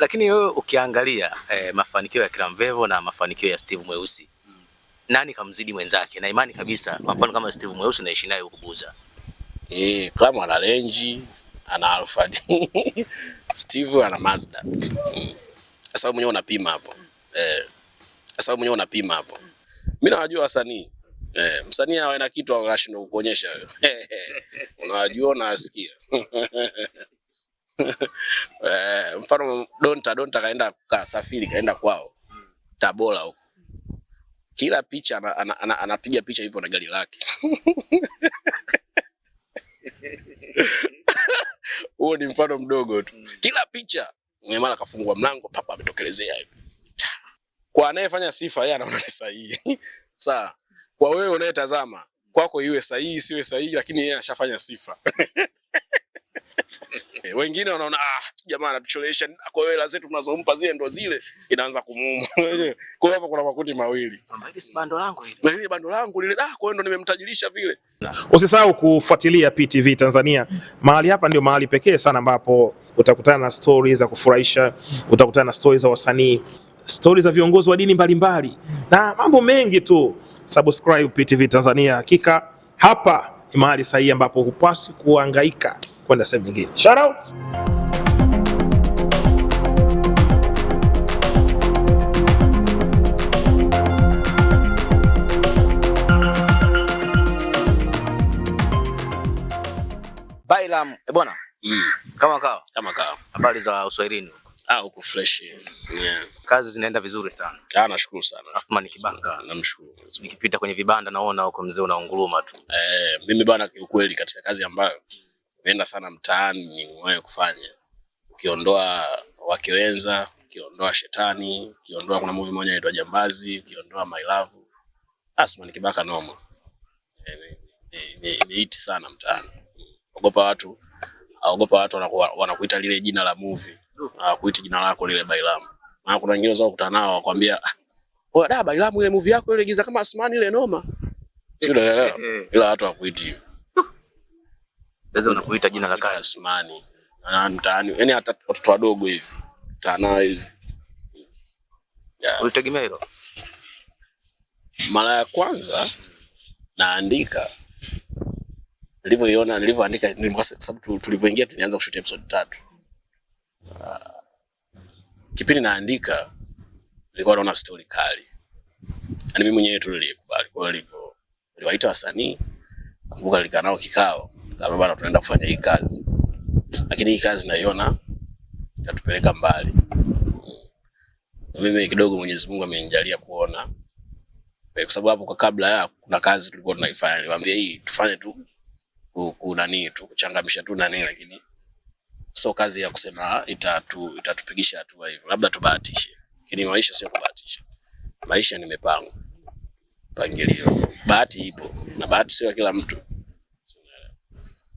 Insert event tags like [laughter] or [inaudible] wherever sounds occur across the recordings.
Lakini wewe ukiangalia eh, mafanikio ya Kramvevo na mafanikio ya Steve Mweusi nani kamzidi mwenzake? Na imani kabisa, kwa mfano kama Steve Mweusi naishi naye huko Buza eh, Kram ana Range, ana Alfa [laughs] Steve ana Mazda mm. Sababu mwenyewe unapima hapo eh, sababu mwenyewe unapima hapo. Mimi nawajua wasanii eh, msanii hawa na kitu akashinda kukuonyesha wewe [laughs] unawajua, unawasikia [laughs] [laughs] eh, mfano Donta Donta kaenda kasafiri kaenda kwao Tabora huko, kila picha anapiga ana, ana, ana, picha hivyo na gari lake [laughs] huo ni mfano mdogo tu, kila picha mara kafungua mlango papa ametokelezea hivi. Kwa anayefanya sifa yeye anaona ni sahihi [laughs] sawa. Kwa wewe unayetazama kwako iwe sahihi siwe sahihi, lakini yeye ashafanya sifa Eh, wengine wanaona ah, jamaa anatucholesha, kwa hiyo hela zetu tunazompa zile ndo zile, inaanza kumuuma. [laughs] Kwa hiyo hapa kuna makundi mawili, bando langu hili, hili bando langu lile, ah, kwa hiyo ndo nimemtajirisha vile. Usisahau kufuatilia PTV Tanzania, mahali hapa ndio mahali pekee sana ambapo utakutana na stori za kufurahisha, utakutana na stori za wasanii, stori za viongozi wa dini mbalimbali na mambo mengi tu. Subscribe PTV Tanzania, hakika hapa ni mahali sahihi ambapo hupaswi kuangaika kwenda sehemu nyingine. Shout out. Bailam eh, bwana, mm. Kama kawa kama kawa, habari za Uswahilini ah, uko fresh yeah. Kazi zinaenda vizuri sana ah, nashukuru sana Athmani Kibanga, namshukuru. Nikipita kwenye vibanda naona uko mzee unaunguruma tu eh, mimi bwana, kiukweli katika kazi ambayo nenda sana mtaani, ni niwahi kufanya ukiondoa wakiwenza, ukiondoa shetani, ukiondoa kuna movie moja inaitwa Jambazi, ukiondoa My Love, Asman ah, Kibaka noma. Eh, ni, hit sana mtaani. Ogopa watu, ogopa watu wanakuita lile jina la movie, hawakuiti jina lako lile Bailamu. Na kuna wengine wao kukutana nao wakwambia, "Oya da Bailamu ile movie yako ile giza kama Asmani ile noma." Sio, unaelewa? Ila watu hawakuiti hivyo. Sasa unakuita jina la kaya Usmani. Na mtaani, yani hata watoto wadogo hivi. Mtaani hivi. Yeah. Ulitegemea hilo? Mara ya kwanza naandika nilivyoiona nilivyoandika, kwa sababu tulivyoingia tulianza kushuti episode tatu. Uh, kipindi naandika nilikuwa naona story kali, Na yaani mimi mwenyewe tu nilikubali. Kwa hiyo nilivyo niliwaita wasanii, nakumbuka nilikaa nao kikao kama bana, tunaenda kufanya hii kazi, lakini hii kazi naiona itatupeleka mbali. Mimi kidogo Mwenyezi Mungu amenijalia kuona, e, kwa sababu hapo kwa kabla ya kuna kazi tulikuwa tunaifanya, niwaambia hii tufanye tu nini tu kuchangamsha tu na nini, lakini sio kazi ya kusema ah, itatu, itatupigisha hatua hivyo, labda tubahatishe, lakini maisha sio kubahatisha. Maisha ni mipango, mpangilio. Bahati ipo na bahati sio kila mtu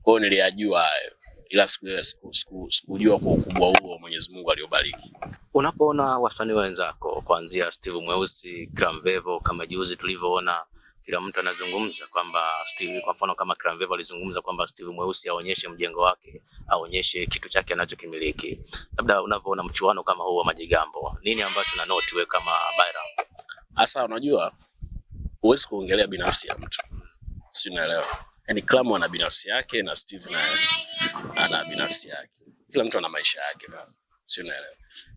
kwa hiyo niliyajua hayo, ila sikujua siku, siku, siku kwa ukubwa huo Mwenyezi Mungu aliobariki. Unapoona wasanii wenzako kuanzia Steve Mweusi, Cramvevo kama juzi tulivyoona kila mtu anazungumza kwamba Steve, kwa mfano kama Cramvevo alizungumza kwamba Steve Mweusi aonyeshe mjengo wake, aonyeshe kitu chake anachokimiliki. Labda unavyoona mchuano kama huu wa majigambo, nini ambacho na note wewe kama Bayram? Asa, unajua huwezi kuongelea binafsi ya mtu, si unaelewa yani Clam ana binafsi yake na Steve naye ana binafsi yake, kila mtu ana maisha yake, sio naelewa.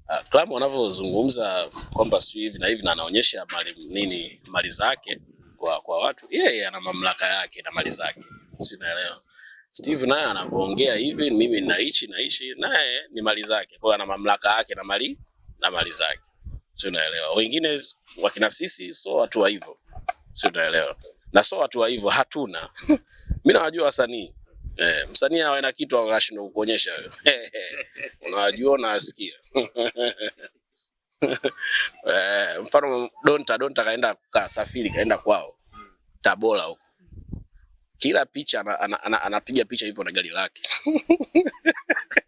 Uh, ah, Klamu anavyozungumza kwamba sio hivi na hivi na anaonyesha mali nini mali zake kwa, kwa watu yeye yeah, yeah, ana mamlaka yake na mali zake, sio naelewa. Steve naye anavyoongea hivi, mimi naishi naishi, naye ni mali zake, kwa ana mamlaka yake na mali na mali zake, sio naelewa. Wengine wakina sisi so watu wa hivyo, sio naelewa, na so watu wa hivyo hatuna [laughs] Mimi nawajua wasanii eh, msanii awe na kitu akashindwa kukuonyesha wewe [laughs] unawajua unawasikia [laughs] eh, mfano Donta Donta kaenda kasafiri kaenda kwao Tabora huko, kila picha anapiga ana, ana, ana picha ipo na gari lake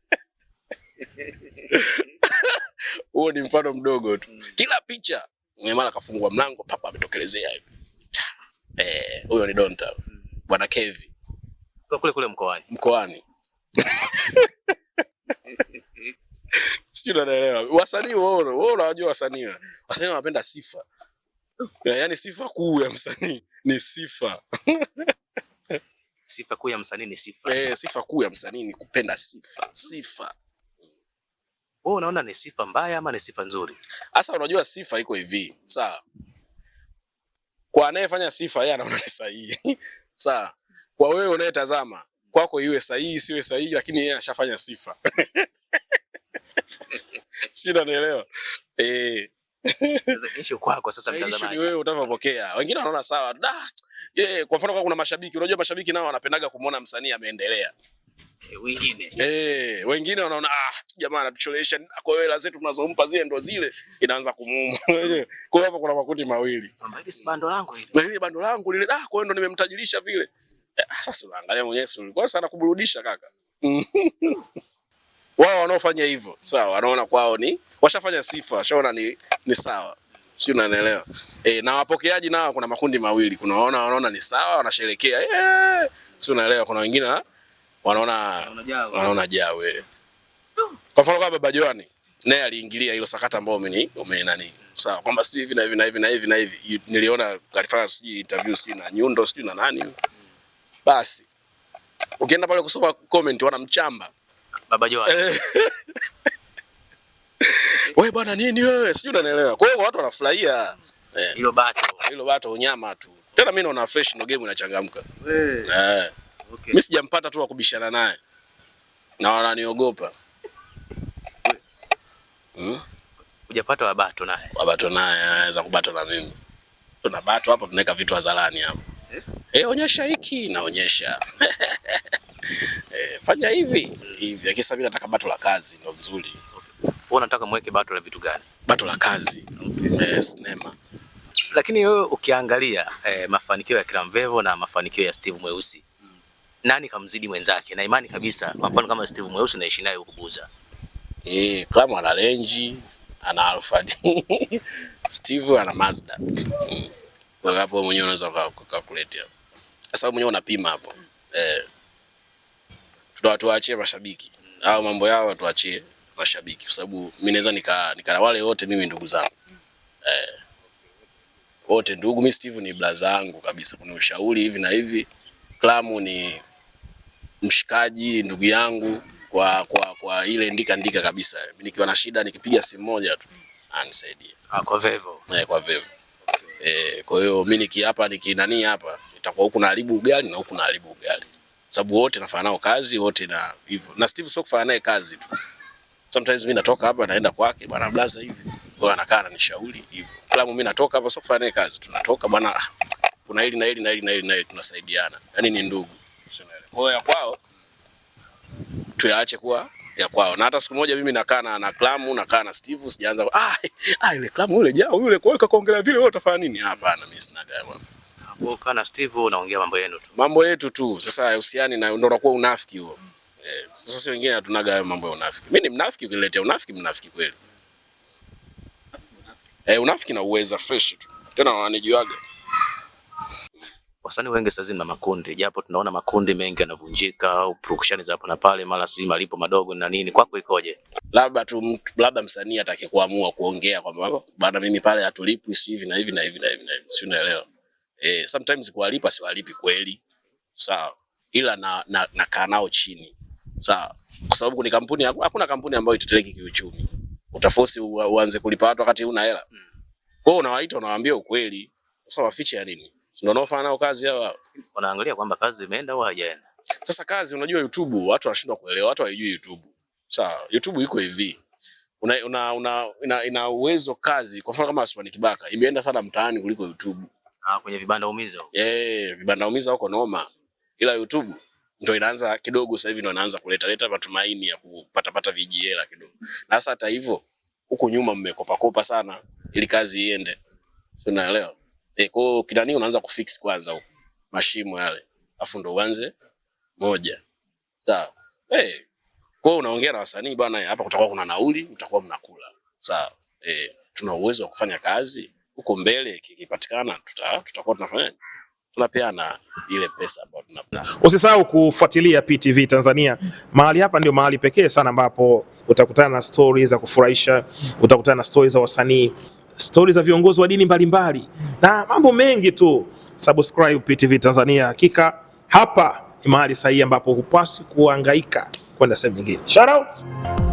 [laughs] huo ni mfano mdogo tu, kila picha mara kafungua mlango papa ametokelezea hivi eh, huyo ni Donta. Bwana Kevi kule kule mkoani mkoani [laughs] sijui unaelewa. Wasanii wao wao unawajua wasanii, wasanii wanapenda sifa, ya, yani sifa kuu ya msanii ni sifa sifa kuu ya msanii ni sifa eh, sifa kuu ya msanii ni kupenda sifa. Sifa wewe unaona ni sifa mbaya ama ni sifa nzuri? Sasa unajua sifa iko hivi, sawa, kwa anayefanya sifa yeye anaona ni sahihi Sawa, kwa wewe unayetazama kwako iwe sahihi siwe sahihi, lakini yeye ashafanya sifa [laughs] sijui unanielewa eh? Issue kwako sasa, mtazamaji, wewe utavyopokea. Wengine wanaona sawa da, yeah. Kwa mfano, kwa kuna mashabiki, unajua mashabiki nao wanapendaga kumwona msanii ameendelea Eh, wengine eh, wengine wanaona ah, jamaa anatuchelewesha. Kwa hiyo hela zetu tunazompa zile ndo zile, inaanza kumuuma. [laughs] Kwa hiyo hapa kuna makundi mawili, bando langu hili, ile bando langu lile. Ah, kwa hiyo ndo nimemtajirisha vile. Eh, ah, sasa unaangalia mwenyewe, si ulikuwa sana kuburudisha kaka. [laughs] Wao wanaofanya hivyo sawa, wanaona kwao ni washafanya sifa, washaona ni, ni sawa si unanielewa? Eh, na wapokeaji nao kuna makundi mawili, kuna wanaona wanaona ni sawa, wanasherekea eh, si unaelewa? Kuna wengine ah, wanaona wanaona jawe. Kwa mfano kama Baba Joani naye aliingilia hilo sakata ambao umeni umenani sawa kwamba sijui hivi na hivi na hivi na hivi na hivi, niliona alifanya sijui interview sijui na Nyundo sijui na nani. Basi ukienda pale kusoma comment wanamchamba Baba Joani eh. [laughs] wewe bwana nini wewe, sijui unanielewa. Kwa hiyo watu wanafurahia eh. hilo bato, hilo bato unyama tu. Tena mimi naona fresh, no game inachangamka eh. eh. Okay. Mimi sijampata tu wa kubishana naye na wananiogopa. Hmm? Hujapata wabato naye. Wabato naye anaweza kubato na mimi. Tuna bato hapo tunaweka vitu hadharani hapo. Eh, eh onyesha hiki naonyesha. [laughs] eh, fanya hivi. Hivi akisa sasa mimi nataka bato la kazi ndio nzuri. Wewe unataka mweke bato la vitu gani? Bato la kazi. Okay. Eh, sinema. Lakini wewe ukiangalia eh, mafanikio ya Kiramvevo na mafanikio ya Steve Mweusi nani kamzidi mwenzake, na imani kabisa, kwa mfano kama Steve Mweusi naishi naye huko Buza eh, Clam ana Range, ana Alfa. [laughs] Steve ana Mazda mm. Kwa hapo mwenyewe unaweza calculate hapo, sasa mwenyewe unapima hapo eh, tuwaachie mashabiki au mambo yao, watuachie mashabiki, kwa sababu mimi naweza nika, nika wale wote mimi ndugu zangu eh, wote ndugu. Mimi Steve ni blaza yangu kabisa, kuna ushauri hivi na hivi, Clam ni mshikaji, ndugu yangu kwa, kwa, kwa ile ndika ndika kabisa. Mimi nikiwa na shida nikipiga simu moja tu anisaidia. Ah, kwa Vevo. Eh, kwa Vevo. Eh, kwa hiyo mimi niki hapa niki nani hapa itakuwa huku naharibu gari na huku naharibu gari. Sababu wote nafanya nao kazi wote na hivyo. Na Steve sio kufanya naye kazi tu. Sometimes mimi natoka hapa naenda kwake bwana Blaza hivi. Kwa hiyo anakaa ananishauri hivyo. Kila mimi natoka hapa sio kufanya naye kazi, tunatoka bwana kuna hili na hili na hili na hili tunasaidiana. Yaani ni ndugu dictionary. Kwa hiyo ya kwao tuyaache kuwa ya kwao. Na hata siku moja mimi nakaa na Klamu, nakaa na Steve, sijaanza [laughs] ah ah ile Klamu yule jao yule kwa hiyo kaongelea vile wewe utafanya nini? Hapana, mimi sina gaya bwana. Hapo kana Steve unaongea mambo yenu tu. Mambo yetu tu. Sasa uhusiani na ndio unakuwa unafiki huo. Eh, sasa wengine hatunaga hayo mambo ya unafiki. Mimi ni mnafiki ukiletea unafiki mnafiki kweli. Eh, unafiki na uweza fresh tu. Tena wananijuaga wasanii wengi sasa na makundi, japo tunaona makundi mengi yanavunjika au production za hapa na pale, mara sijui malipo madogo na nini. Kwako ikoje? Labda tu labda msanii atake kuamua kuongea kwamba bana, mimi pale hatulipi sio hivi na hivi na hivi na hivi, na hivi, sio unaelewa? Eh, sometimes kuwalipa siwalipi kweli, sawa, ila na, na, na kaa nao chini, sawa, kwa sababu kuna kampuni. Hakuna kampuni ambayo iteteleki kiuchumi. utafosi uanze kulipa watu wakati una hela. Mm. Kwa hiyo unawaita unawaambia ukweli, sasa wafiche ya nini? Ndio wanaofanya nao kazi hawa. Wanaangalia kwamba kazi imeenda au haijaenda. Sasa kazi, unajua YouTube watu wanashindwa kuelewa, watu hawajui YouTube. Sawa, YouTube iko hivi. Una, una, una ina, ina uwezo kazi kwa mfano kama Asmani Kibaka imeenda sana mtaani kuliko YouTube. Ah, kwenye vibanda umiza huko. Eh, vibanda umiza huko noma. Ila YouTube ndio inaanza kidogo sasa hivi ndio inaanza kuleta leta matumaini ya kupata pata vijiela kidogo. Na sasa hata hivyo huko nyuma mmekopa kopa sana ili kazi iende. Sio naelewa. Eh, kwa hiyo kinani unaanza kufix kwanza huko. Mashimo yale. Alafu ndo uanze moja. Sawa. Eh. Kwa unaongea na wasanii bwana, hapa kutakuwa kuna nauli, mtakuwa mnakula. Sawa. Eh, tuna uwezo wa kufanya kazi huko mbele kikipatikana, tuta tutakuwa tunafanya tunapeana ile pesa ambayo tunapata. Usisahau kufuatilia PTV Tanzania. Mahali hapa ndio mahali pekee sana ambapo utakutana na stories za kufurahisha, utakutana na stories za wasanii stori za viongozi wa dini mbalimbali na mambo mengi tu. Subscribe PTV Tanzania, hakika hapa ni mahali sahihi ambapo hupasi kuhangaika kwenda sehemu nyingine. Shout out.